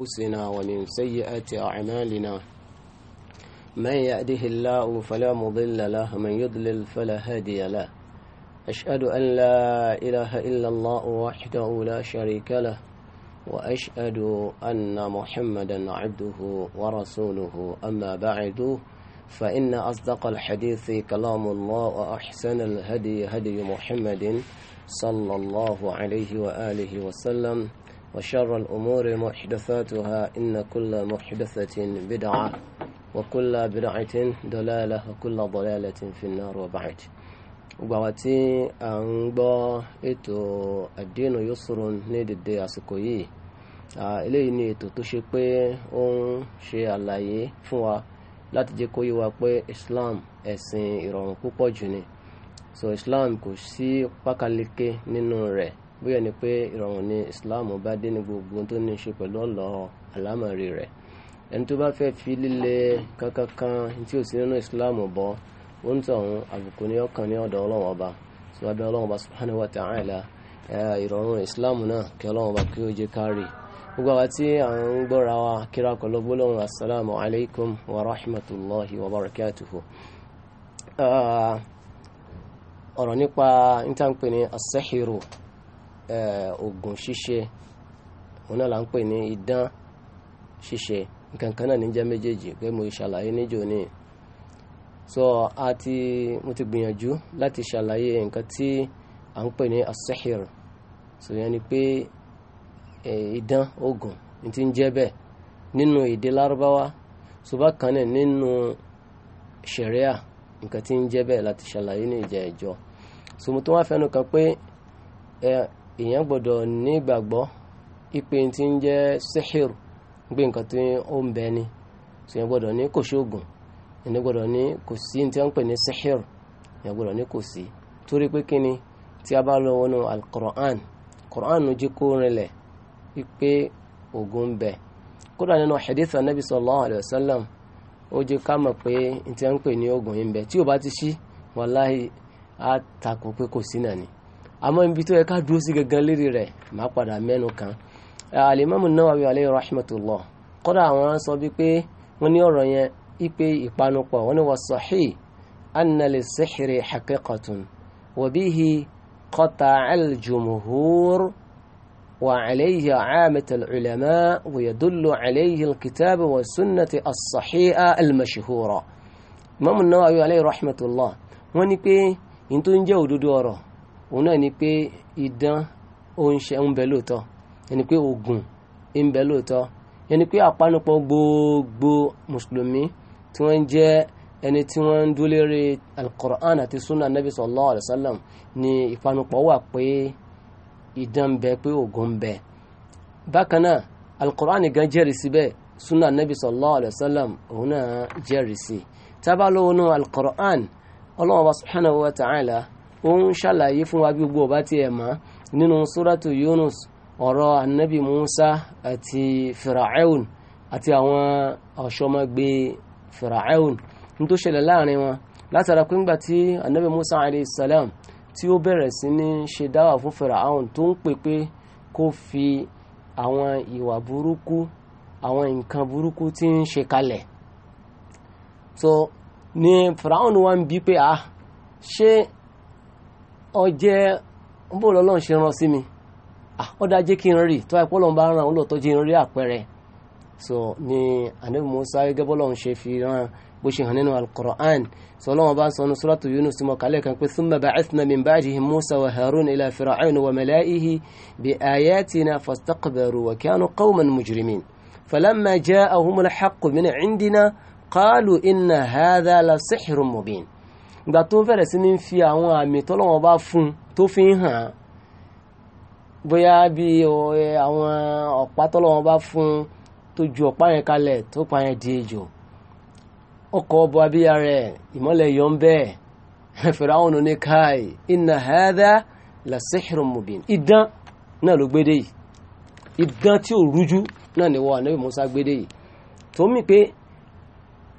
أنفسنا ومن سيئات أعمالنا من يأده الله فلا مضل له من يضلل فلا هادي له أشهد أن لا إله إلا الله وحده لا شريك له وأشهد أن محمدا عبده ورسوله أما بعد فإن أصدق الحديث كلام الله وأحسن الهدي هدي محمد صلى الله عليه وآله وسلم وشر الأمور محدثاتها إن كل محدثة بدعة وكل بدعة ضلالة وكل ضلالة في النار وبعد وبعتي أنبا إتو الدين يسر ندي دي أسكوي eléyìí ni ètò tó ṣe pé ó ń ṣe àlàyé fún wa láti jẹ́ kó yé wa pé Islam ẹ̀sìn ìrọ̀rùn púpọ̀ jù ni so Islam kò sí pákáleke nínú rẹ̀ bóyá ni pé ìrọ̀rùn ni islam bá dé ní gbogbo tó ní ṣe pẹ̀lú ọ̀lọ́ àlámọ̀rí rẹ̀ ẹni tó bá fẹ́ fi líle kankankan tí ò sí nínú islam bọ́ ó ń tọ̀hún àbùkù ní ọkàn ní ọ̀dọ̀ ọlọ́run ọba tí wàá bẹ ọba subhanahu wa ìrọ̀rùn islam náà kí ọlọ́run ọba kí ó jẹ́ kárì gbogbo àwa tí à ń gbọ́ra wa kíra asalaamu alaykum wa Eh, ogun ṣíṣe òun náà ń pè ní idán ṣíṣe nǹkan kan náà ní jẹ́ méjèèjì pé mo ṣàlàyé níjò ní so a ti mo ti gbìyànjú láti ṣàlàyé nǹkan tí à ń pè ní asehir so yẹn ni pé eh, idán ogun ní ti ń jẹ́ bẹ́ẹ̀ nínú èdè lárúbáwá so bákan náà nínú ṣẹ̀ríà nǹkan tí ń jẹ́ bẹ́ẹ̀ láti ṣàlàyé ní so mo tún wá fẹ́nu kan èèyàn gbọ́dọ̀ ní ìgbàgbọ́ ipe tí ń jẹ́ sihir gbé nǹkan tí ó ń bẹ ni èèyàn gbọ́dọ̀ ní kò ṣoògùn èèyàn gbọ́dọ̀ ní kò sí tí wọ́n ń pè ní sihir èèyàn gbọ́dọ̀ ní kò sí torí pé tí a bá lọ wọnú al jí kó rinlẹ̀ ń hadith alayhi wa ó ká mọ̀ pé tí wọ́n ń pè ti ṣí wàláhì á takò pé kò sí àmọ́ ibi tó yẹ ká dúró sí gangan lérí rẹ̀ máa padà mẹ́nu kan alimami Nawawi alayhi rahmatullah kọ́dà àwọn sọ bí pé wọ́n ní ọ̀rọ̀ yẹn ipe ìpanupọ̀ wọ́n ní wa sahih anna lis-sihri haqiqatun wa bihi qata'a al-jumhur wa alayhi 'aamatu al-ulama sunnati as-sahiha al-mashhura imam Nawawi alayhi rahmatullah wọ́n ní pé ní tó ń jẹ́ òdodo ọ̀rọ̀ òun náà ni pé idán ó ń ṣe ń bẹ lóòótọ́ ẹni pé oògùn ń bẹ lóòótọ́ ẹni pé àpánupọ̀ gbogbo mùsùlùmí tí wọ́n jẹ́ ẹni tí wọ́n ń dúró alukoran àti sunna nabi sallallahu alayhi sallam ni ìpanupọ̀ wà pé idán ń bẹ pé oògùn ń bẹ bákan náà alukoran gan jẹ́rìí síbẹ̀ sunna nabi sallallahu alayhi sallam òun náà jẹ́rìí sí tábàlówó náà alukoran ọlọ́wọ́n bá subhanahu wa ta'ala ó ń ṣàlàyé fún wa gbogbo ọba tí ẹ mọ̀ nínú suratu Yunus ọ̀rọ̀ anabi Musa àti Fir'aun àti àwọn ọ̀ṣọ́mọgbé Fir'aun ní tó ṣẹlẹ̀ láàrin wọn látara pé ńgbà tí anabi Musa alayhi salam tí ó bẹ̀rẹ̀ sí ní ṣe dáwà fún Fir'aun tó ń pè pé kó fi àwọn ìwà burúkú àwọn nǹkan burúkú tí ń ṣe kalẹ̀ so ni Fir'aun wa ń bi pé ah ṣé ọjẹ́ ń bò lọ́lọ́run ṣe rán sí mi ọ̀dà jẹ́ kí n rí tó àìpọ́ lọ́n bá ràn ó lọ́tọ́ jẹ́ n rí àpẹẹrẹ so ni anabi musa gẹ́gẹ́ bọ́lọ́run ṣe fi ràn bó ṣe hàn nínú al-Qur'an so lọ́wọ́n bá ń sọ ní suratu yunus mọ̀ kálẹ̀ kan pé thumma ba'athna min ba'dihim musa wa harun ila fir'aun wa mala'ihi bi ayatina fastakbaru wa kanu qawman mujrimin falamma ja'ahum al-haqqu min indina qalu inna hadha la sihrun mubin ìgbà tó bẹ̀rẹ̀ sí ní fi àwọn àmì tọ́lọ́wọ́n bá fún un tó fi ń hàn án bóyá bí àwọn ọ̀pá tọ́lọ́wọ́n bá fún un tó ju ọ̀pá yẹn kalẹ̀ tó pa yẹn di ejò ọkọ̀ ọbọ̀ abíyá rẹ̀ ìmọ́lẹ̀ yọ ń bẹ́ẹ̀ Fìráúnù ní káì inna hadha la sihrun mubin idán náà ló gbédè yìí idán tí ò rújú náà ni wọ́n ànábì Mùsá gbédè yìí tó mì pé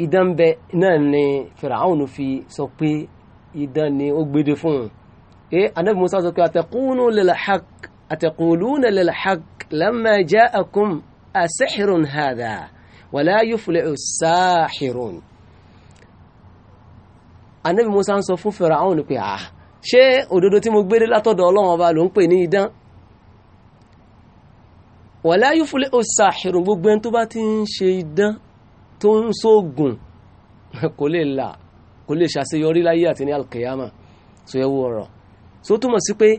idán bẹ náà ni Fir'aun fi sọ pé idán ni ó gbéde fún un ee anabi musa sọ pé ataqunu lil haqq ataquluna lil haqq lamma ja'akum asihrun hadha wala yuflihu sahirun anabi musa ń sọ fún Fir'aun pé ah ṣé òdodo tí mo gbéde látọ̀dọ̀ ọlọ́run ọba ló ń pè ní idán wala yuflihu sahirun gbogbo ẹni tó bá ti ń ṣe idán tó ń sóògùn kò lè là kò lè ṣàṣeyọrí láyé àti ní alkiyama tó yẹ wo ọ̀rọ̀ tó túmọ̀ sí pé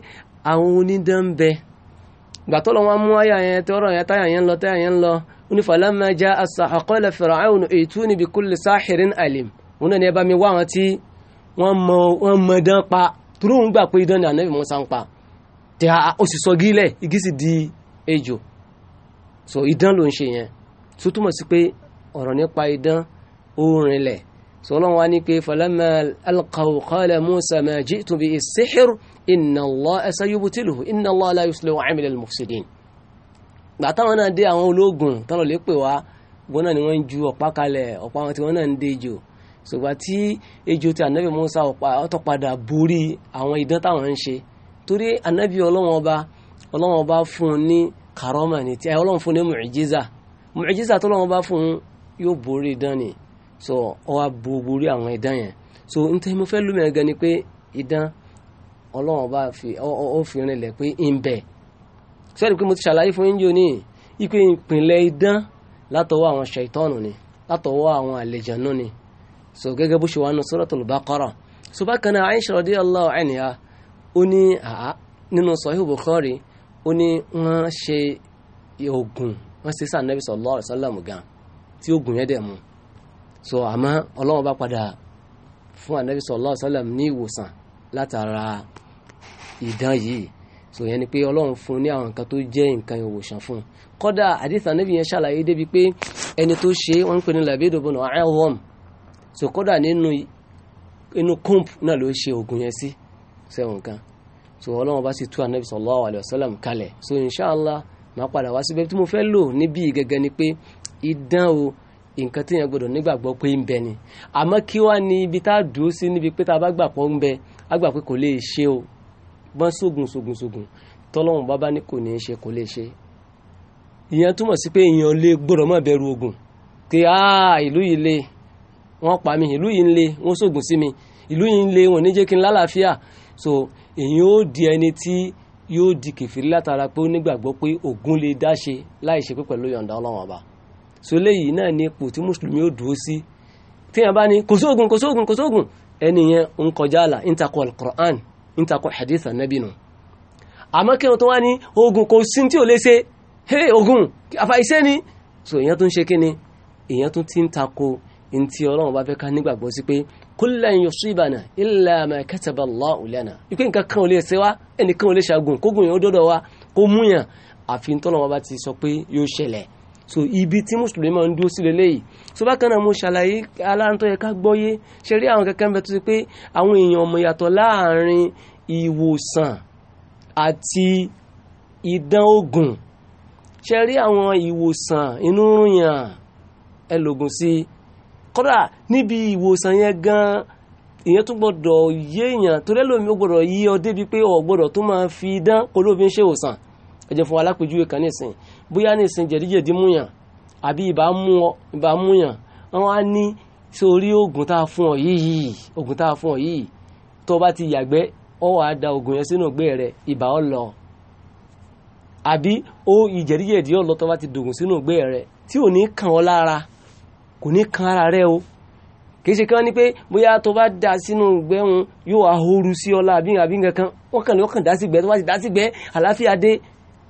àwọn onídàmbẹ gbàtọ́ lọ́wọ́ mú àyà yẹn tọrọ yẹn táyà yẹn lọ táyà yẹn lọ onífàlámà já asàkọ́lẹ̀ Fir'aun ètúni bi kulli sáhìrín alim òun náà ni ẹ bá mi wá àwọn tí wọ́n mọ dán pa turu ń gbà pé idán ni ànábì Mùsá ń pa tí a ó sì sọ gílẹ̀ igi sì di ejò so idán ló ń ṣe yẹn tó túmọ̀ sí pé ọ̀rọ̀ nípa idán ó rinlẹ̀ sọlọ́n wa ní pé falamma alqaw qala musa ma ji'tu bi as-sihr inna allaha sayubtiluhu inna allaha la yuslihu 'amala al-mufsidin. gbàtà wọn náà dé àwọn ológun tọ́lọ̀ lè pè wá wọn náà ni wọ́n ń ju ọ̀pá kalẹ̀ ọ̀pá wọn tí wọ́n náà ń dé jò ṣùgbọ́n tí ejò tí anabi musa ọ̀tọ̀ padà borí àwọn idán táwọn ń ṣe torí anabi ọlọ́wọ́n ọba fún ní karọ́mà ní tí ọlọ́wọ́n fún ní mu'jiza mu'jiza tó ọlọ́wọ́n fún yóò borí idán ni so ọ wá bo àwọn idán yẹn so n tẹ́ mo fẹ́ lómi ẹ̀gẹ́ ni pé idán ọlọ́run bá fi ó fi rinlẹ̀ pé ń bẹ sẹ́ni pé mo ti ṣàlàyé fún yín ní ipe ìpìlẹ̀ idán látọwọ́ àwọn ṣàìtọ́nù ni látọwọ́ àwọn àlejànú ni so gẹ́gẹ́ bó ṣe wà nù Suratul Baqara so bákan náà Aisha radiyallahu anha ó ní àá nínú Sahih Bukhari ó ní wọ́n ṣe oògùn wọ́n ṣe sáà Nabi sallallahu alaihi gan-an tí oògùn yẹn dẹ̀ mu so àmọ́ ọlọ́run bá padà fún anabi sallallahu alaihi wasallam ní ìwòsàn látara ìdán yìí so yẹn ni pé ọlọ́run fún ní àwọn nǹkan tó jẹ́ nǹkan ìwòsàn fún un kódà àdìsá níbi yẹn ṣàlàyé débi pé ẹni tó ṣe wọ́n ń pè ní labedo bono ahom so kódà nínú inú kúmp náà ló ṣe oògùn yẹn sí sẹ́wọ̀n kan so ọlọ́run bá sì tú anabi sallallahu alaihi wasallam kalẹ̀ so inshallah máa padà wá síbẹ̀ tí mo fẹ́ lò níbí gẹ́gẹ́ ni pé idán o nǹkan tí yẹn gbọdọ̀ nígbàgbọ́ pé ń bẹ ni àmọ́ kí wá ní ibi tá a dúró sí níbi pé tá a bá gbà pọ́ ń bẹ a gbà pé kò lè ṣe o bọ́n sógun sógun sógun tọ́lọ́run bábá ní kò ní í ṣe kò lè ṣe ìyẹn túmọ̀ sí pé èèyàn lè gbọdọ̀ má bẹ̀rù ogun pé áà ìlú yìí le wọ́n pa mi ìlú yìí ń le wọ́n sógun sí mi ìlú yìí ń le wọ́n ní jẹ́ kí n lálàáfíà so èèyàn ó di ẹni tí yóò di kèfìrí látara pé ó nígbàgbọ́ pé ogun lè dá ṣe láì ṣe pé pẹ̀lú ọlọ́run ọba so léyìí náà ní ipò tí mùsùlùmí ó dúró sí tí yẹn bá ní kò sóògùn kò sóògùn kò sóògùn ẹni yẹn ń kọjá àlà ń takò alukur'an ń takò hadith anabi nù àmọ́ kí wọ́n tó wá ní oògùn kò sí tí ò lè ṣe hey oògùn àfàìṣẹ́ ni so èèyàn tún ṣe kí ni èèyàn tún ti ń takò ń ọlọ́run bá fẹ́ ká nígbàgbọ́ sí pé kullan yusibana illa ma kataba Allahu lana ikú nǹkan kan ò lè ṣe wá ẹnìkan ò lè wa kó múyàn àfi tọ́lọ́wọ́ bá ti so ibi tí mùsùlùmí máa ń dúró sí lélẹ́yìí so bákan náà mo ṣàlàyé aláǹtọ́ yẹ ká gbọ́yé ṣe rí àwọn kẹ́kẹ́ ń bẹ tó ṣe pé àwọn èèyàn ọmọ yàtọ̀ láàrin ìwòsàn àti ìdán oògùn ṣe rí àwọn ìwòsàn inú rúnyàn ẹlògùn sí kódà níbi ìwòsàn yẹn gan ìyẹn tún gbọ́dọ̀ yéèyàn torí ẹlòmíì ó yí ọ débi pé o gbọ́dọ̀ tó máa fi dán olóbi ń ṣe ẹjẹ fún alápèjúwe kan nísìn bóyá nísìn jẹ̀díjẹ̀dí múyàn àbí ibà múyàn wọn á ní sórí oògùn tá a fún ọ yìí yìí oògùn tá a fún ọ yìí tó bá ti yàgbẹ́ ọ wàá da oògùn yẹn sínú ìgbẹ́ rẹ ibà ọ lọ àbí ó ìjẹ̀díjẹ̀dí ọ lọ tó bá ti dògùn sínú ìgbẹ́ rẹ tí ò ní kàn ọ lára kò ní kàn ara rẹ o kìí ṣe kí wọ́n ní pé bóyá tó bá da sínú ìgbẹ́hun yóò ahóru sí ọ láàbí àbí nǹkan kan wọ́n kàn ní wọ́n dá sí gbẹ́ tó bá ti dá sí gbẹ́ àlàáfíà dé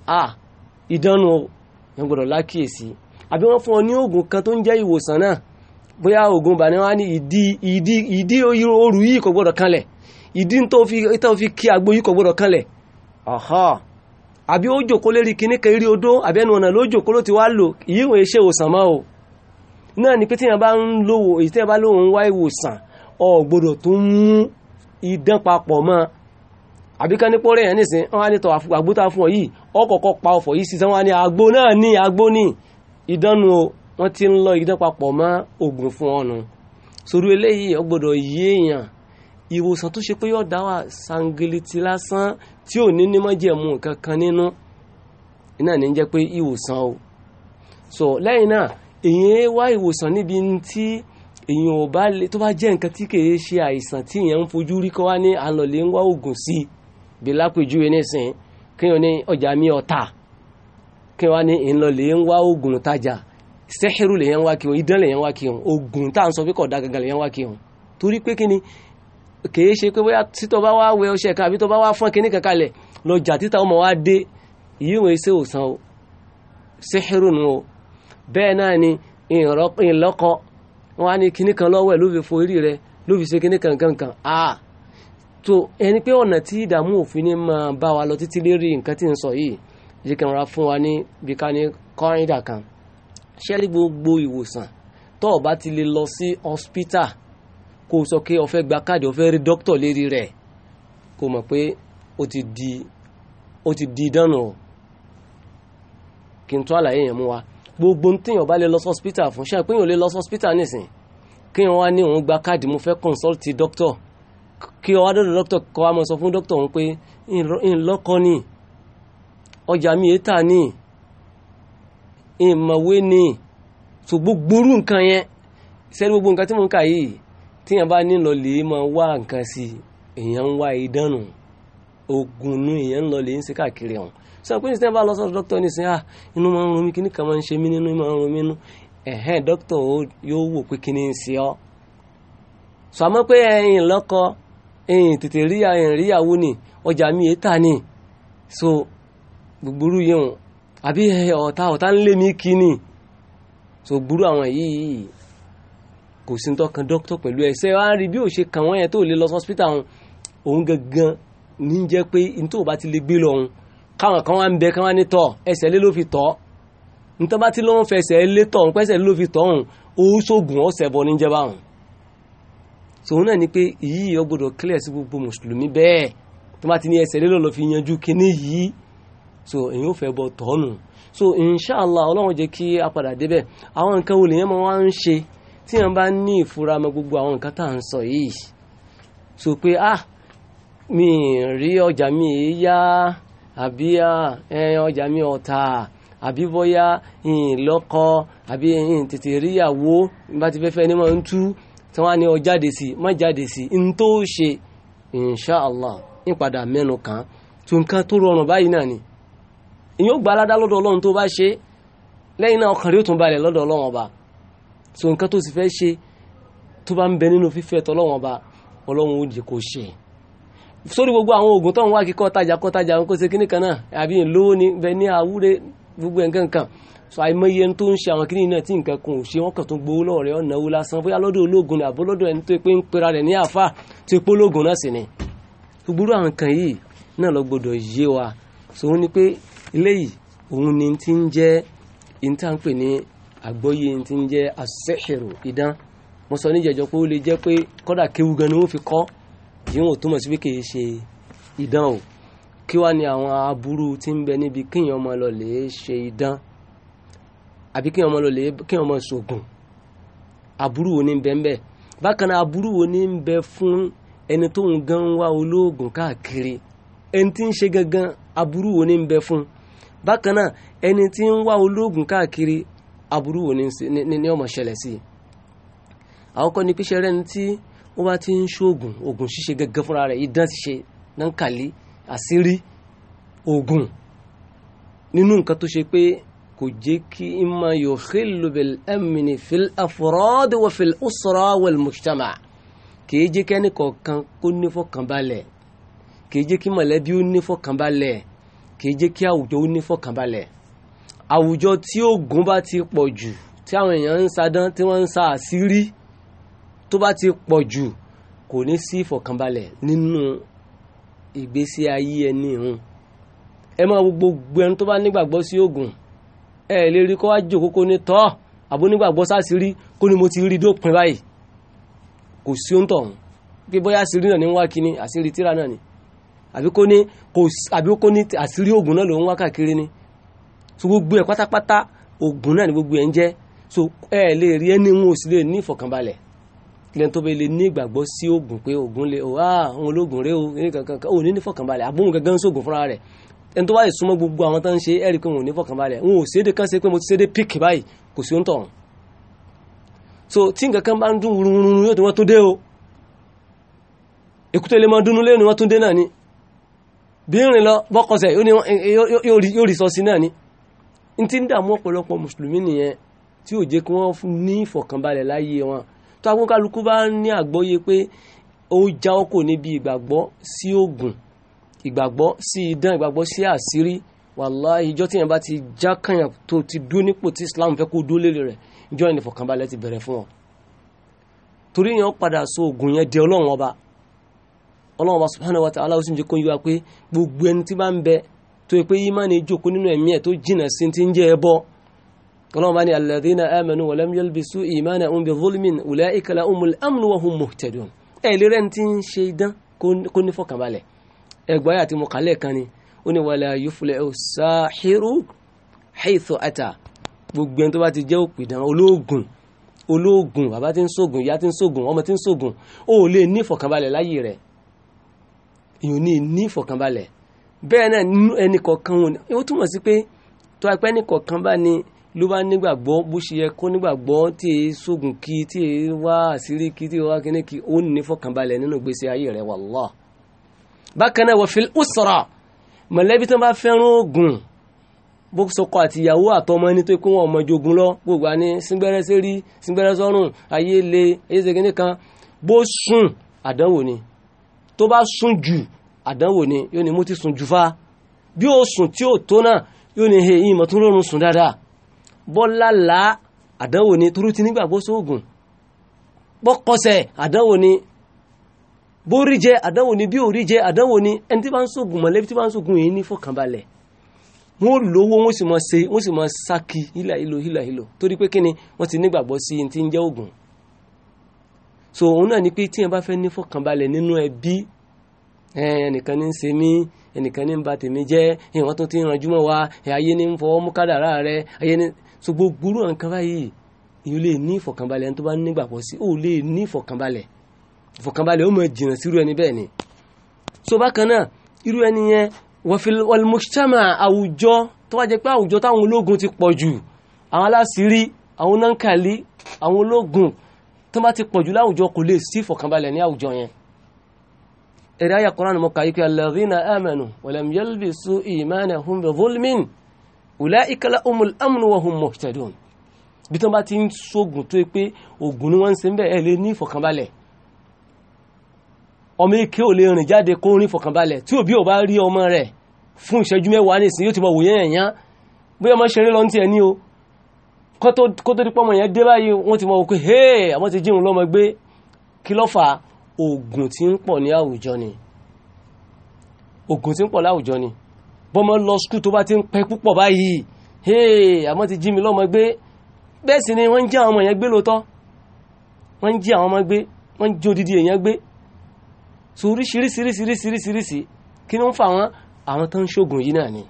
à ìdánù o yẹn gbọ́dọ̀ lákìyèsí àbí wọ́n fún ọ ní oògùn kan tó ń jẹ́ ìwòsàn náà bóyá oògùn bàní wá ní ìdí ìdí ìdí oru yìí kò kan kanlẹ̀ ìdí tó fi tó fi kí agbo yìí kò àbí ó jòkó lérí kíní kan àbí ẹnu ọ̀nà ló jòkó ló ti lò yìí ṣe ìwòsàn mọ́ o náà àbí ká ní pọ́rẹ́ yẹn nísìn wọ́n á ní tọ́ àgbó tá a fún ọ yìí ọkọ̀ọ̀kọ̀ pa ọ̀fọ̀ yìí sí sẹ́wọ́n á ní àgbó náà ní àgbó ní ìdánu wọ́n ti ń lọ ìdán papọ̀ mọ́ oògùn fún ọ̀nà sórí eléyìí ọgbọ́dọ̀ yí èèyàn ìwòsàn tó ṣe pé yóò dá wà sangiliti lásán tí ò ní nímọ̀ jẹ̀mú kankan nínú iná ní jẹ́ pé ìwòsàn o so lẹ́yìn náà èyàn wá ìwòsàn níbi tí èyàn ò bá lè tó bá jẹ́ nǹkan tí kìí ṣe àìsàn tí èyàn ń fojú rí kọ́ wá ní alọ̀lẹ́ ń wá oògùn sí bí lápèjúwe nísìn kí wọ́n ní ọjà mi ọ̀tà kí wọ́n ní ìlọlẹ̀ ń wá oògùn tajà sẹ́hẹ́rù lè yẹn wá kí wọn idán lè yẹn wá kí wọn oògùn tá à ń sọ pé kọ̀ọ̀dá gangan lè yẹn wá kí wọn torí pé kí ni kìí ṣe pé bóyá títọ́ bá wá wẹ ọṣẹ kan àbí tó bá wá fọ́n kínní kankan lẹ̀ lọ́jà títà ọmọ wa dé yìí wọn ṣe òsàn o sẹ́hẹ́rù nu o bẹ́ẹ̀ náà ni ìlọ́kọ wọn á ní kínní kan lọ́wọ́ ẹ̀ ló fi fo orí rẹ ló fi ṣe kínní kankan kan ah tó ẹni pé ọ̀nà tí ìdààmú òfin ní máa bá wa lọ títí lérí nǹkan tí ń sọ yìí jẹ́ kí n ra fún wa ní bí ká ní kọ́rìndà kan ṣẹ́rí gbogbo ìwòsàn tó o bá ti lè lọ sí hospital kó o sọ pé o fẹ́ gba káàdì o fẹ́ rí dókítà lérí rẹ̀ kó o mọ̀ pé o ti di o o kí n tó àlàyé yẹn mú wa gbogbo ní tíyàn bá lè lọ sí hospital fún ṣáà pé yàn lè lọ sí hospital nísìn kí n wá ní òun gba káàdì mo fẹ́ consult dókítà kí ọwá dọ́dọ̀ dókítà kọ́ àmọ́ sọ fún dókítà òun pé ìlọ́kọ́ ni ọjà mi ètà ni ìmọ̀wé ni tó gbogbogbòrú nǹkan yẹn sẹ́ni gbogbo nǹkan tí mo ń kà yìí tíyàn bá nílọ lè máa wá nǹkan sí èèyàn ń wá ìdánù ogun nu èèyàn ń lọ lè ń ṣe káàkiri ọ̀hún sọ pé nísìnyí bá lọ sọ́dọ̀ dókítà nísìnyí à ah, inú máa ń ro kíní kan máa ń ṣe mí nínú máa ń ro mí ẹ̀hẹ́n dókítà yóò wò pé kíní ń ṣe ọ́ sọ ẹ̀yìn tètè rí ẹ̀yìn ríyàwó ni ọjà mi èta ni so gbogbo yẹn àbí ọ̀tá ọ̀tá ń lé mi kí ni so gbúrú àwọn yìí kò sí tọ́kan dókítà pẹ̀lú ẹsẹ̀ wá rí bí ò ṣe kàn wọ́n yẹn tó lè lọ sọ́spítà wọn òun gangan ní jẹ́ pé n tó bá ti lè gbé lọ́hun káwọn kan wá ń bẹ káwọn ní tọ́ ẹsẹ̀ lé ló fi tọ́ n bá ti lọ́wọ́ fẹsẹ̀ lé tọ̀ ń pẹ́sẹ̀ ló fi tọ́ òun ó ọ̀sẹ̀ bọ̀ níjẹ́ báwọn so òun náà ni pé yìí ó gbọ́dọ̀ clear sí gbogbo mùsùlùmí bẹ́ẹ̀ tó bá ti ní ẹsẹ̀ lélọ́ lọ fi yanjú kíní yìí so èyí ò fẹ́ bọ tọ́nù so inshallah ọlọ́run jẹ́ kí a padà débẹ̀ àwọn nǹkan wo lèyàn máa wá ń ṣe tí yẹn bá ní ìfura mọ gbogbo àwọn nǹkan tá à ń sọ yìí so pé ah mi rí ọjà mi yá àbí ọjà mi ọ̀tà àbí bóyá ìlọ́kọ àbí tètè ríyàwó bá ti fẹ́ fẹ́ ní mọ̀ ń tú tí wọ́n á ní ọ jáde sí má jáde sí n tó ṣe insha allah nípadà mẹ́nu kàn tó nǹkan tó rọrùn báyìí náà ni ìyẹn ó gba aládá lọ́dọ̀ ọlọ́run tó bá ṣe lẹ́yìn náà ọkàn rí ó tún balẹ̀ lọ́dọ̀ ọlọ́run ọba tó nǹkan tó sì fẹ́ ṣe tó bá ń bẹ nínú fífẹ́ tọ́lọ́run ọba ọlọ́run ó jẹ́ kó ṣe sórí gbogbo àwọn oògùn tó wá kíkọ́ tajà kọ́ tajà kó ṣe kíní kan náà àbí ìlówó ní bẹ ní àwúre gbogbo nǹkan kan so àìmọye tó ń ṣe àwọn kìnìún náà tí nǹkan kan ò ṣe wọn kàn tó gbowó lọ́wọ́ rẹ̀ ọ̀nà lásán bóyá lọ́dọ̀ ológun ni àbólọ́dọ̀ ẹni tó pé ń pera rẹ̀ ní àáfà tó pé ológun náà sì ni gbogbo àwọn nǹkan yìí náà lọ gbọdọ̀ yé wa so wọn ni pé eléyìí òun ni ti ń jẹ́ ìtànpè ní àgbọ́yé ti ń jẹ́ àṣẹ́ṣẹ̀rò idán mo sọ níjẹ̀jọ́ pé ó lè jẹ́ pé kọ́dà kéwu gan ni wọ́n fi kọ́ ìwọ̀n tó mọ̀ sí pé kì ṣe idán o kí wá ni àwọn aburú ti ń bẹ níbi kíyàn ọmọ lọ lè ṣe idán àbí kí ọmọ lọlẹ kí ọmọ ṣoògùn aburú wo ni ń bẹ ń bẹ bákan náà aburú wo ni ń bẹ fún ẹni tó ń gan wá olóògùn káàkiri ẹni tí ń ṣe gangan aburú wo ni ń bẹ fún bákan náà ẹni tí ń wá olóògùn káàkiri aburú wo ni ni ọmọ ṣẹlẹ̀ sí i àkọ́kọ́ ni píṣẹ́ rẹ́ni tí ó bá ti ń ṣoògùn oògùn ṣíṣe gangan fúnra rẹ̀ idán ti ṣe náà ń kàlí àṣírí oògùn nínú nǹkan tó ṣe pé kò jẹ́ kí n ma yukhillu bil amni fil afrad wa fil usra wal mujtama' kìí jẹ́ kẹ́ni kọ̀ọ̀kan kó nífọ̀kànbalẹ̀ kìí jẹ́ kí mọ̀lẹ́bí ó nífọ̀kànbalẹ̀ kìí jẹ́ kí àwùjọ ó nífọ̀kànbalẹ̀ àwùjọ tí ogun bá ti pọ̀ jù tí àwọn èèyàn ń sadán tí wọ́n ń sa àṣírí tó bá ti pọ̀ jù kò ní sí ìfọ̀kànbalẹ̀ nínú ìgbésí ayé ẹni ìhun ẹ máa gbogbo ẹni tó bá nígbàgbọ́ sí ogun ẹ lè rí kó wá jòkó kó ní tọ́ àbónígbàgbọ́ sáàsì rí kó ní mo ti rí dópin báyìí kò sí ohun tọ̀hún pé bóyá àṣírí náà ní ń wá kíní àṣírí tíra náà ni àbí kó ní àṣírí oògùn náà ló ń wá káàkiri ni so gbogbo ẹ̀ pátápátá oògùn náà ni gbogbo ẹ̀ ń jẹ́ so ẹ lè rí ẹni wọn ò sì lè ní ìfọ̀kànbalẹ̀ kílẹ̀ tó bẹ lè ní ìgbàgbọ́ sí oògùn pé oògùn lè o ah òun olóògùn rẹ o ní kankan o ní nífọ̀kànbalẹ̀ àbóhùn gangan sóògùn fúnra rẹ̀ ẹni tó wáyé súnmọ́ gbogbo àwọn tó ń ṣe ẹ̀rí pé wọn ò ní fọkànbalẹ̀ wọn ò séde kan ṣe pé mo ti séde píkì báyìí kò sí ń tọ̀hún so tí nǹkan kan bá ń dún wurunwurun yóò tó wọ́n tún dé o èkúté lè mọ dúnú lé ni wọ́n tún dé náà ni bí ń rìn lọ bọ́kọsẹ̀ yóò rí sọ́ọ̀sì náà ni n ti ń dààmú ọ̀pọ̀lọpọ̀ mùsùlùmí nìyẹn tí ò jẹ́ kí wọ́n ní ìfọ̀kànbalẹ̀ láyé wọn tó akókálukú bá ní àgbọ́yé pé ó jáwọ́ kò níbi ìgbàgbọ́ sí ògùn ìgbàgbọ́ sí idán ìgbàgbọ́ sí àṣírí wàláhì ìjọ tí yẹn bá ti já kàyàn tó ti dúró nípò tí Islam fẹ́ kó dúró lélẹ rẹ ìjọ yẹn nìfọ̀kànbalẹ̀ ti bẹ̀rẹ̀ fún ọ torí yẹn padà so oògùn yẹn di Ọlọ́run ọba Ọlọ́run ọba subhanahu wa ta'ala ó sì ń jẹ kó yíwa pé gbogbo ẹni tí bá ń bẹ tó yẹ pé ìmánì jókòó nínú ẹ̀mí ẹ̀ tó jìnà sí ti ń jẹ ẹbọ Ọlọ́run bá ní alladhina ẹgbẹ́ àyà tí mo kà lẹ́ẹ̀kan ni ó ní wala yuflihu sahiru haythu ata gbogbo ẹni tó bá ti jẹ́ òpìdán olóògùn olóògùn bàbá tí ń sògùn ìyá tí ń sògùn ọmọ tí ń sògùn ó lè ní ìfọ̀kànbalẹ̀ láyé rẹ̀ èèyàn ní ní ìfọ̀kànbalẹ̀ bẹ́ẹ̀ náà ẹnì kọ̀ọ̀kan wọn ó túmọ̀ sí pé tó apẹ́ ẹnì kọ̀ọ̀kan bá ní ló bá nígbàgbọ́ bó ṣe yẹ kó nígbàgbọ́ tí èyí sògùn kí tí èyí wá àṣírí kí tí èyí wá kíní kí ó ní ìfọ̀kànbalẹ̀ nínú ìgbésí ayé rẹ̀ wàlláhì bákan náà wọ́n fi usra mọ̀lẹ́bí tó ń bá fẹ́ràn oògùn bó sọkọ àtìyàwó àtọmọ ẹni tó kó wọn ọmọ jogun lọ gbogbo àní síngbẹrẹ sérí síngbẹrẹ sọrùn ayé le ayé segin nìkan bó sùn àdánwò ni tó bá sùn jù àdánwò ni yóò ní mo ti sùn jù fa bí o sùn tí o tó náà yóò ní he ìmọ̀ tó rọrùn sùn dáadáa bọ́lá là àdánwò ni turu ti nígbàgbọ́ sóògùn bọ́kọsẹ̀ àdánwò ni bó rí jẹ àdánwò ni bí ò rí jẹ àdánwò ni ẹni tí bá ń sògùn mọ̀lẹ́bí tí bá ń sògùn yìí ní fọkànbalẹ̀ wọn ò lówó wọn sì mọ se wọn sì mọ saki hílà hílò hílà hílò torí pé kíni wọn ti so òun náà ni pé tí ẹ bá ní nínú ẹbí ẹnìkan ní ń mí ẹnìkan ní ń ba tèmi ti ayé ní ń fọwọ́ rẹ ayé nígbàgbọ́ sí ìfọ̀kànbalẹ̀ ó mọ̀ jìnà sí irú ẹni bẹ́ẹ̀ ni so bákan náà irú ẹni yẹn wọ̀lmọ̀ṣẹ́mà àwùjọ tó wá jẹ́ pé àwùjọ táwọn ológun ti pọ̀ jù àwọn aláṣírí àwọn nankali àwọn ológun tó bá ti pọ̀ jù láwùjọ kò lè sí ìfọ̀kànbalẹ̀ ní àwùjọ yẹn ẹ̀rẹ́ àyà Kùránì mọ́ kàyí pé alladhina amanu walam yalbisu imanahum amnu wa hum muhtadun bí tó bá ti ń ọmọ ike ò lè rìn jáde kó rìn fọkànbalẹ̀ tí òbí ò bá rí ọmọ rẹ̀ fún ìṣẹ́jú mẹ́wàá nísìnyí yóò ti bọ̀ wòye ẹ̀yán bóyá ọmọ ṣeré lọ ní tiẹ̀ o kó tó dípọ̀ ọmọ yẹn dé báyìí wọ́n ti mọ̀ wò pé hey àwọn ti jíun lọ́mọ gbé kí ló fà oògùn tí ń pọ̀ ní àwùjọ ni oògùn tí ń pọ̀ láwùjọ ni bọ́mọ lọ skul tó bá ti ń pẹ́ púpọ̀ báyìí hey àwọn ti jí mi lọ́mọ gbé bẹ́ẹ̀ sì ni wọ́n ń jí àwọn ọmọ yẹn gbé lóòótọ́ wọ́n ń jí àwọn ọmọ gbé wọ́n ń jí odidi èèyàn gbé so oríṣiríṣiríṣiríṣiríṣi kí ló ń fa àwọn àwọn tó ń ṣoògùn yìí náà ni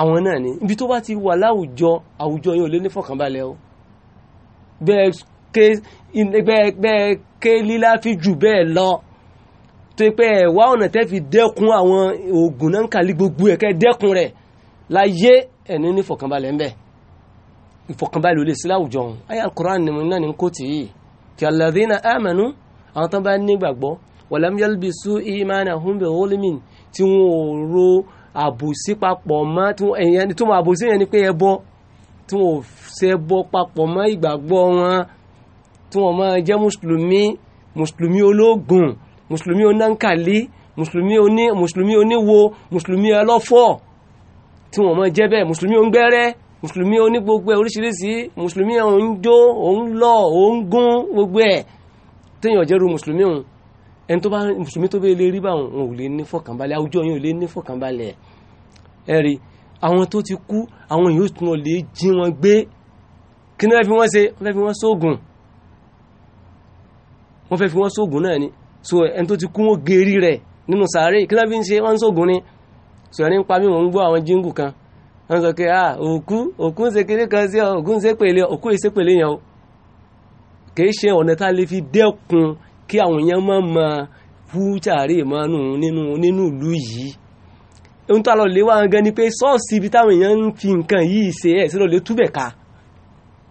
àwọn náà ni ibi tó bá ti wà láwùjọ àwùjọ yóò lé ní fọkànbalẹ̀ o bẹ́ẹ̀ ké bẹ́ẹ̀ ké lílá fi jù bẹ́ẹ̀ lọ tó pé ẹ̀ wá ọ̀nà tẹ́ fi dẹ́kun àwọn oògùn náà ń kàlí gbogbo ẹ̀ kẹ́ dẹ́kun rẹ̀ láyé ẹ̀ní ní fọkànbalẹ̀ ń bẹ ìfọkànbalẹ̀ olè sí láwùjọ ọ̀hún ayé Al-Qur'an ni kò àwọn tó bá nígbàgbọ́ walam yalbisu imanahum bi zulmin tí wọ́n ò ro àbòsí papọ̀ mọ́ tí wọ́n àbòsí yẹn ni pé ẹbọ tí wọ́n ò ṣe ẹbọ papọ̀ mọ́ ìgbàgbọ́ wọn tí wọ́n máa jẹ́ mùsùlùmí mùsùlùmí ológun mùsùlùmí onáńkàlí mùsùlùmí oní mùsùlùmí oníwo mùsùlùmí ọlọ́fọ̀ tí wọ́n máa jẹ́ bẹ́ẹ̀ mùsùlùmí ongbẹ́rẹ́ mùsùlùmí onígbogbo ẹ̀ oríṣiríṣi mùsùlùmí òun jó òun lọ gbogbo ẹ̀ téèyàn jẹ́rú mùsùlùmí òun ẹni tó bá mùsùlùmí tó bẹ́ẹ̀ lè rí báwọn ò lè ní fọkànbalẹ̀ àwùjọ yẹn ò lè ní fọkànbalẹ̀ ẹ rí àwọn tó ti kú àwọn yóò tún lè jí wọn gbé kí ni wọ́n fi wọ́n ṣe wọ́n fẹ́ fi wọ́n sóògùn wọ́n fẹ́ fi wọ́n sóògùn náà ni so ẹni tó ti kú wọn gèrí rẹ̀ nínú sàárè kí ni wọ́n fi ń ṣe wọ́n sóògùn ni so ẹni ń pa mí wọ́n ń gbọ́ àwọn jíngù kan wọ́n sọ pé ah òkú òkú ń ṣe kéré kan sí òkú ń ṣe pèlè òkú ìṣe kí àwọn èèyàn mọ́ mọ wújàre mọ́nù nínú nínú ìlú yìí ohun tó lọ lè wá gan ni pé ṣọ́ọ̀ṣì ibi táwọn èèyàn ń fi nǹkan yìí ṣe ẹ̀ sí lọ lè túbẹ̀ ká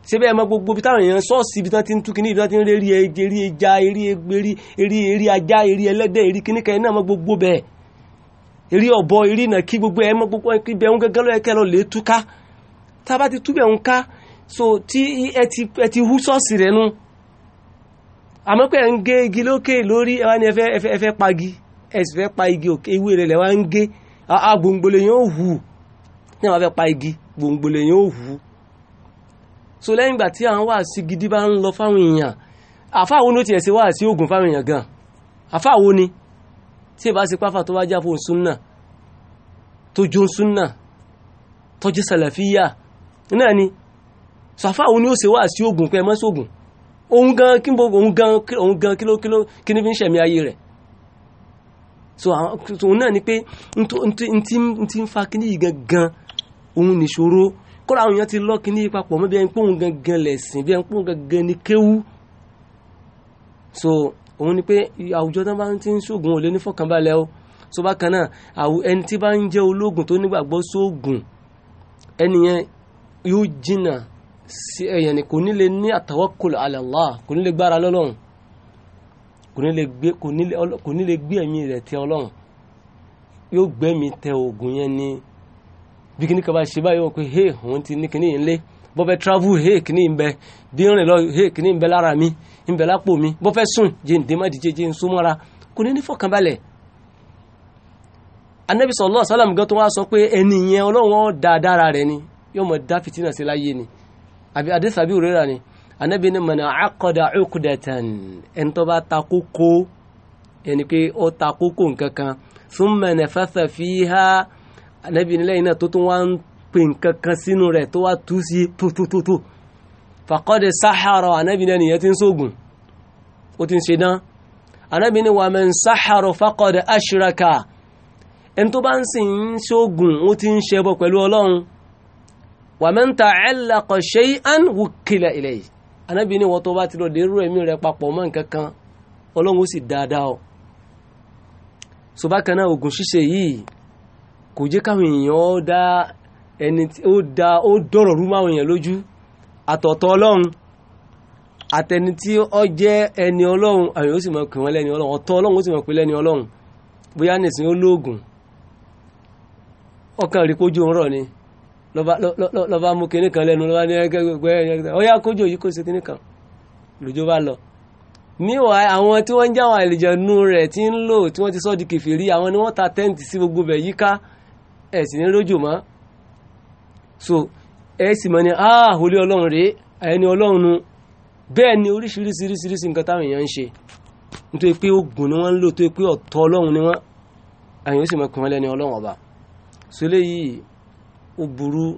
ṣé bẹ́ẹ̀ mọ gbogbo ibi táwọn èèyàn ṣọ́ọ̀ṣì ibi tán ti ń tú kíní ibi tán ti ń rí eré eré ẹja eré egberi eré eré ajá eré ẹlẹ́dẹ̀ eré kíní kan náà mọ gbogbo bẹ́ẹ̀ eré ọ̀bọ eré ìnà kí gbogbo ẹ̀ mọ gbogbo ibẹ̀ ń gẹ́gẹ́ lọ́yẹ̀kẹ́ lọ lè tú tá a bá ti túbẹ̀ ń ká so tí ẹ ti ẹ ti hú ṣọ́ọ̀ṣì rẹ̀ nu àmọ́ pé ẹ̀ ń gé igi lókè lórí ẹ̀ wá ẹfẹ́ ẹfẹ́ pagi ẹ̀ sì fẹ́ pa igi òkè ewé rẹ̀ lẹ̀ ń gé agbòǹgbòlè yẹn ò hù ní àwọn afẹ́ pa igi gbòǹgbòlè yẹn ò hù so lẹ́yìn ìgbà tí àwọn wà sí gidi bá ń lọ fáwọn èèyàn àfa wo ni ó tiẹ̀ ṣe wá sí oògùn fáwọn èèyàn gan àfa wo ni tí ìbá ṣe pàfà tó wá jáfó súnà tó jó súnà tó jẹ́ sàlàfíyà náà ni so àfa wo ni ó ṣe wá sí oògùn pé mọ́ sóògùn òun gan kí n bó òun gan òun gan kí ló kí ló kí ní fi ń ṣẹ̀mí ayé rẹ̀ so òun náà ni pé n ti ń fa kíní yìí gangan òun nìṣòro kóra àwọn èèyàn ti lọ kíní yìí papọ̀ mọ́ bí ẹni pé òun gangan lẹ̀sìn bí ẹni pé òun gangan ni kéwú so òun ni pé àwùjọ tán bá ti ń ṣoògùn ò ní fọkànbalẹ̀ o so bákan náà àwù ẹni tí bá ń jẹ́ ológun tó nígbàgbọ́ sóògùn ẹni yẹn yóò jìnnà sí ẹ̀yàn eh, ni kò ní lè ní àtawakkul ala Allah kò ní lè gbára lọ́lọ́run kò ní lè gbé ẹ̀mí rẹ̀ tẹ ọlọ́run yóò gbẹ́mí tẹ oògùn yẹn ni bí kíní kaba ṣe báyìí wọ́n pé hey òun ti ní kíní yìí lé bó fẹ́ travel hey kíní ń bẹ bí ń rìn lọ hey kíní ń bẹ lára mi ń bẹ lápò mi bó fẹ́ sùn jẹ́ ǹdẹ́ má dìje jẹ́ ń sún mọ́ra kò ní ní fọkànbalẹ̀ anabi sallallahu gan tó wá sọ pé ẹni yẹn ọlọ́run ó dáadáa rẹ̀ ni yóò mọ̀ dá fìtínà sí láyé ni àbí àdìsí àbí òrèrà ni anabi ni mọ̀nà àkọ́dà ọ̀kùdẹ̀tàn ẹni tó bá ta kókó ẹni pé ó ta kókó nǹkan kan fún mọ̀nà fẹ́fẹ́ fi há anabi nílẹ̀ iná tó tún wá ń pè nǹkan kan sínú rẹ̀ tó wá tú sí tótótótó fàkọ́dẹ̀ sáhàrọ̀ anabi náà nìyẹn ti ń sógun ó ti ń ṣe dán anabi ni wàmẹ̀ ń sáhàrọ̀ fàkọ́dẹ̀ àṣíraka ẹni ń sìn ń sógun ó ti ń ṣẹbọ pẹ̀lú ọlọ́run wa man ta'allaqa shay'an wukkila ilayhi anábì ní wọ́n tó bá ti lọ dérú ẹ̀mí rẹ̀ papọ̀ mọ́ nǹkan kan ọlọ́run ó sì dáadáa ọ so bákan náà oògùn ṣíṣe yìí kò jẹ́ káwọn èèyàn ó dá ẹni ó dá ó dọ̀rọ̀ rú máwọn èèyàn lójú àtọ̀tọ̀ ọlọ́run àtẹni tí ó jẹ́ ẹni ọlọ́run àwọn èèyàn ó sì mọ̀ pé wọ́n lẹ́ni ọlọ́run ọ̀tọ̀ ọlọ́run ó sì mọ̀ pé lẹ́ni lọ́ba mú kinní kan lẹ́nu lọ́ba ní ẹgbẹ́ ẹgbẹ́ ọ̀yá kójò yìí kò sí kinní kan lójó bá lọ. níwàá àwọn tí wọ́n ń jáwọn àlìjẹ̀nu rẹ̀ tí ń lò tí wọ́n ti sọ́ di kèfèrí àwọn ni wọ́n ta tẹ́ǹtì sí gbogbo bẹ̀ yíká ẹ̀ sì ní lójò mọ́. so ẹ sì mọ̀ ní ah olé ọlọ́run rèé ẹni ọlọ́run nu bẹ́ẹ̀ ni oríṣiríṣiríṣiríṣi nǹkan táwọn èèyàn ń ṣe nítorí pé oògùn ni wọ́n ń lò tó pé ọ̀tọ̀ ọlọ́run ni wọ́n àyàn ó sì mọ̀ pé wọ́n lẹ́ni ọlọ́run ọba so eléyìí ó burú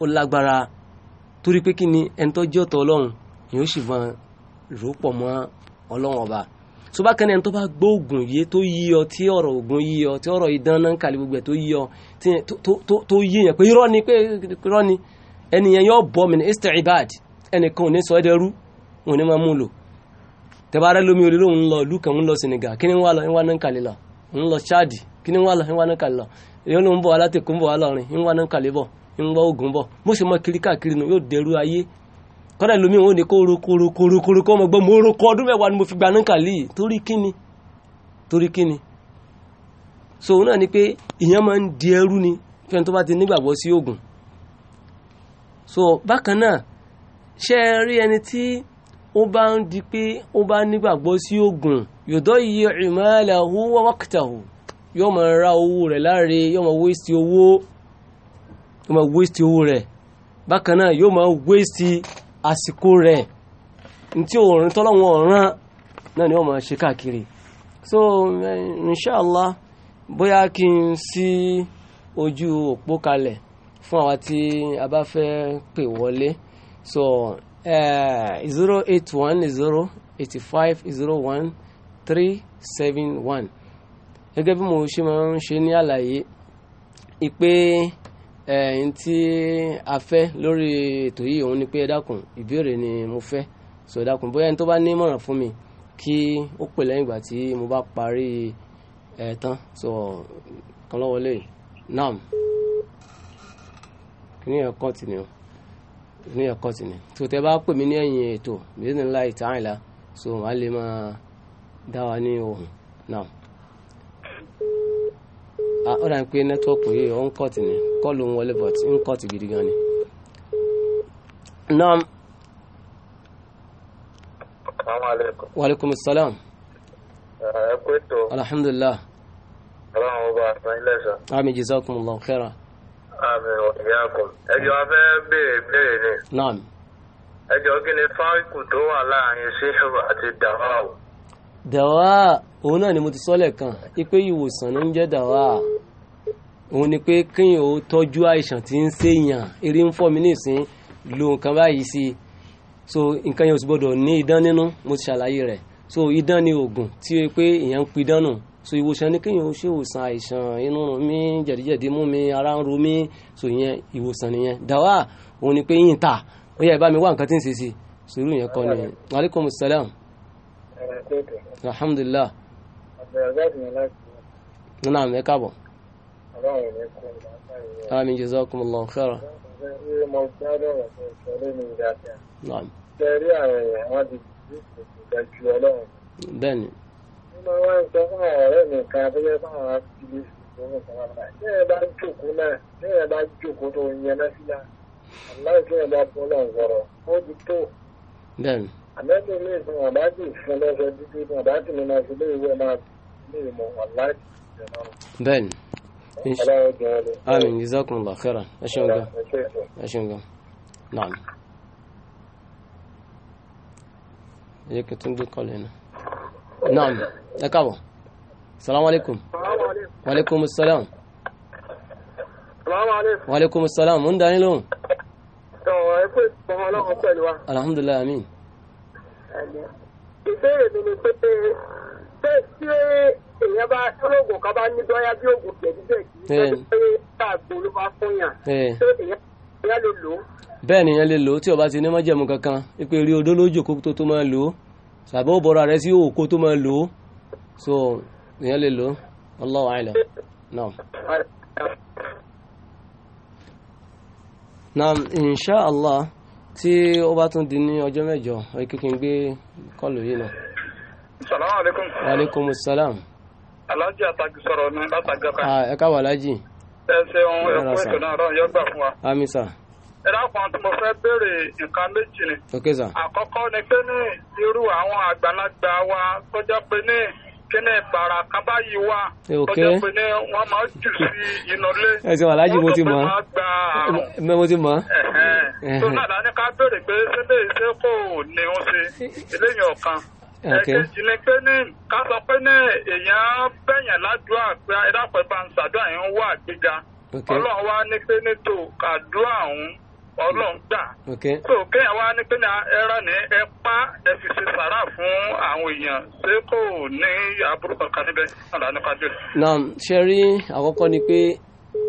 ó lágbára torí pé kí ni ẹni tó jẹ́ ọ̀tọ̀ ọlọ́run yóò sì fọn rò pọ̀ mọ́ ọlọ́run ọba tó bá kẹ́ni ẹni tó bá gbọ́ ògùn yé tó yí ọ tí ọ̀rọ̀ ògùn yí ọ tí ọ̀rọ̀ ìdán náà ń kàlẹ́ gbogbo ẹ̀ tó yí ọ tó yí yẹn pé irọ́ ni pé irọ́ ni ẹni yẹn yóò bọ́ mi ní easter ibad ẹnìkan ò ní sọ ẹ́dẹ́rú òun ní máa mú lò tẹ́bàárẹ́ lómi orí lóun lọ ìlú kan ń lọ Senegal kí ni wà lọ ń wá náà kàlẹ́ lọ ń lọ Chad kí ni wà lọ ń wá náà kàlẹ́ lọ èyí ló ń bọ̀ alátẹ̀kùn ń bọ̀ alọ́rin ń wá náà kàlẹ́ bọ̀ ń wá ogun bọ̀ bó ṣe mọ kiri káàkiri nù yóò dẹrú ayé kọ́dà lómi òun ni kó rokorokoro kọ́ ọmọ gbọ́ mo roko ọdún mẹ́wàá ni mo fi gba náà kàlẹ́ yìí torí kíni torí kíni so òun náà ni pé ìyẹn máa ń di ẹrú ni fẹ́ni tó bá ti nígbàgbọ́ sí ogun so bákan náà ṣe é rí ẹni tí ó bá ń di pé ó bá nígbàgbọ́ sí ogun yòdọ́ yìí ìmọ̀lẹ̀ yóò máa ra owó rẹ̀ láre yóò máa wéṣì owó yóò máa wéṣì owó rẹ̀ bákan náà yóò máa wéṣì àsìkò rẹ̀ ntí òòrùn tọ́lọ́wọ́n ọ̀ràn so inshallah bóyá kí n sí ojú òpó kalẹ̀ fún àwa tí a so zero eight one zero gẹ́gẹ́ bí mo ṣe máa ń ṣe ní àlàyé ìpè ẹ̀yìn tí a fẹ́ lórí ètò yìí òun ni pé ẹ dákun ìbéèrè ni mo fẹ́ sọ ẹ dákun bóyá ẹni tó bá ní ìmọ̀ràn fún mi kí ó pè lẹ́yìn ìgbà tí mo bá parí ẹ̀ tán sọ kan lọ́wọ́ lè nam kí ni ẹ̀ kọ́ọ̀tì ni o ní ẹ̀kọ́ tì ní tó tẹ bá pè mí ní ẹ̀yìn ètò bísí ńlá ìtàn àìlá so màá lè máa dá wa ní ohùn náà. Ah, ó dà ń pé nẹ́tíwọ́ọ̀kì yìí ó ń kọ́ọ̀tì ni kọ́ọ̀lù ń wọlé bọ̀t ń kọ́ọ̀tì gidi gan ni. naam. salaamaleykum. waaleykum salaam. Eh, ẹ kú ètò. alhamdulilah. ọlọ́run ọba àtàn ilé ẹ̀sán. àmín jazakumullahu khairan. àmín wa iyyakum. ẹ jọ afẹ́ béèrè béèrè ni. naam. ẹ jọ kí ni fáríkù tó wà láàrin ṣéhùn àti dàwáwù. dàwáà òun náà ni mo ti sọ́lẹ̀ kan ipé ìwòsàn ló ń jẹ́ dàwa òun ni pé kíyàn ó tọ́jú àìsàn tí ń ṣèyàn eré ń fọ́ mi nísìn lo nǹkan báyìí sí i so nǹkan yẹn ò sì gbọ́dọ̀ ní idán nínú mo ti ṣàlàyé rẹ̀ so idán ni oògùn tí ó pé èèyàn ń pidán nù so ìwòsàn ni kíyàn ó ṣe ìwòsàn àìsàn inú rùn mí jẹ̀díjẹ̀dí mú mi ara ń ro mí so ìyẹn ìwòsàn nìyẹn dàwa òun ni pé yín ta ó yẹ ìbá wá nǹkan tí ń ṣe sí i sùúrù yẹn kọ́ ni aleykum salaam alhamdulilah. Na'am ẹ káàbọ̀. Amin jazakumullahu khairan. Na'am. Tẹ̀rí àwọn èèyàn بل آمين جزاكم الله خيرا أشنو أشنو نعم هيك تندي قال هنا نعم أكابو السلام عليكم وعليكم السلام السلام عليكم وعليكم السلام من داني لهم الحمد لله آمين أمين pé tí èèyàn bá ológun kan bá bá fún èèyàn lè lò bẹ́ẹ̀ ni èèyàn lè lò ó tí o bá ti ní májẹ̀mú kankan pé rí odó kó tó máa lò ó ó bọ̀rọ̀ rẹ sí òkó tó máa lò ó so lè lò ó náà. tí ó bá di ní ọjọ́ mẹ́jọ kí n salaamaleykum. waaleykum salaam. alhaji atagi sọ̀rọ̀ ní látàgàkà. Ah, ẹ ká wà lájì. ẹ ṣeun ẹkú ètò náà rán yọ fún wa. àmín sà. ẹ dákun tí mo béèrè nǹkan méjì ni. ok sà. àkọ́kọ́ ni pé irú àwọn àgbàlagbà wa tó pé ní kíní ìbára kan báyìí wà. ok tó pé ní wọ́n máa jù sí inú ilé. ẹ alhaji mo ti mọ̀ ọ́ mo ti mọ̀ ọ́ tó náà ní béèrè pé ṣé lè ṣe kò ṣe eléyìí ọ̀kan ẹ̀kejì ni pé ní ká sọ pé ní èèyàn bẹ̀yàn ládùúgbà pé ẹ̀dàpẹ̀ bá ń ṣàdúrà yẹn ń wà gbíga ọlọ́run wá ní pé ní tò kàdúrà ọ̀hún ọlọ́run gbà tó kéèyàn wá ní pé ní ẹ̀rọ ní ẹ pa ẹ fi ṣe sàrà fún àwọn èèyàn ṣé kò ní àbúrò kankan níbẹ̀ náà nípa jù. naam ṣe rí àkọ́kọ́ ni pé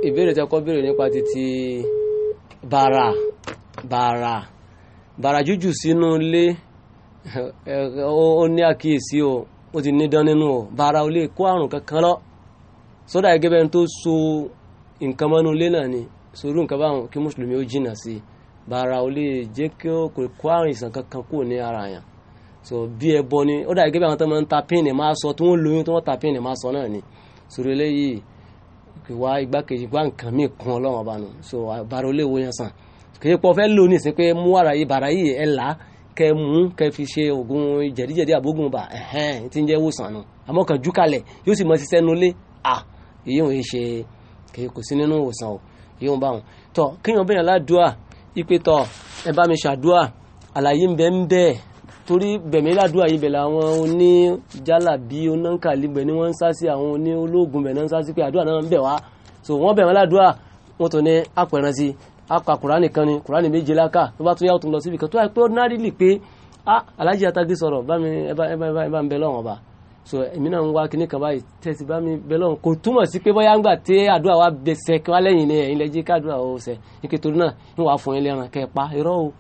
ìbéèrè tẹ́kọ́ béèrè nípa títí bàrà bàrà bàrà jújù sínú ilé. ó ní àkíyèsí o ó ti nídán nínú o bàrà ò lè kó àrùn kankan lọ sódà gẹ́gẹ́ bẹ́ẹ̀ tó so nǹkan mọ́nú ilé náà ni sòrú nǹkan báwọn kí mùsùlùmí ó jìnnà sí i bàrà ò lè jẹ́ kí ó kò kó àrùn ìsàn kankan kúrò ní ara yàn so bí ẹ bọ ni ó dà gẹ́gẹ́ àwọn tó máa ń ta píìnì máa sọ tí wọ́n lóyún tí wọ́n ta píìnì máa sọ náà ni sòrò eléyìí ìwà igbákejì gbá nǹkan míì kún ọlọ́wọ́n bá nù so bàrà ò lè wo yẹn sàn kì í pọ̀ fẹ́ lò ní pé mú àrà yìí bàrà yìí ẹ̀ là kẹ mú kẹ fi ṣe oògùn jẹ̀díjẹ̀dí àbógun bá ẹ̀hẹ́n tí ń jẹ́ wòsàn nù àmọ́ kàn jú kalẹ̀ yóò sì mọ ṣiṣẹ́ nulẹ̀ à èyí wọn ṣe kò sí nínú wòsàn o èyí wọn bá wọn. tọ kéèyàn bẹ̀rẹ̀ ládùúà ipe tọ ẹ bá mi ṣàdúà àlàyé ń bẹ ń bẹ torí bẹ̀mí ládùúà yìí bẹ̀rẹ̀ àwọn oní jálà bí bẹ̀ ni wọ́n ń sá àwọn oní olóògùn bẹ̀ náà ń sá pé àdúà náà ń bẹ̀ wá so wọ́n bẹ̀rẹ̀ ládùúà wọ́n tún ní àpẹ̀rẹ̀ sí i aka kùránì kan ni kùránì méje láka tó bá tún yàwó tó ń lọ síbi kan tó wáyé pé ordinarily pé ah alájí atagé sọ̀rọ̀ bá mi ẹ bá ẹ bá ẹ bá ń bẹ lọ́wọ́n ọba so èmi náà ń wá kíní kan báyìí tẹ̀sí bá mi bẹ lọ́wọ́n kò túmọ̀ sí pé bóyá ń gbà tí àdúrà wa bẹ̀sẹ̀ kí wá lẹ́yìn ni ẹ̀yin lẹ́jẹ́ káàdúrà ó sẹ̀ nítorí náà ń wà fún ilé ẹran kẹ́ pa irọ́ o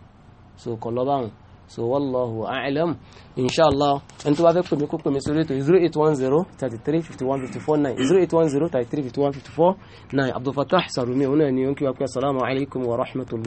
so kọ̀ lọ́ báwọn so wallahu a'lam inshallah ẹni tó bá fẹ́ pèmí kó pèmí sórí ètò zero eight one zero thirty three fifty one sarumi ọ̀nà ẹni ó ń kí wa pé wa rahmatulah.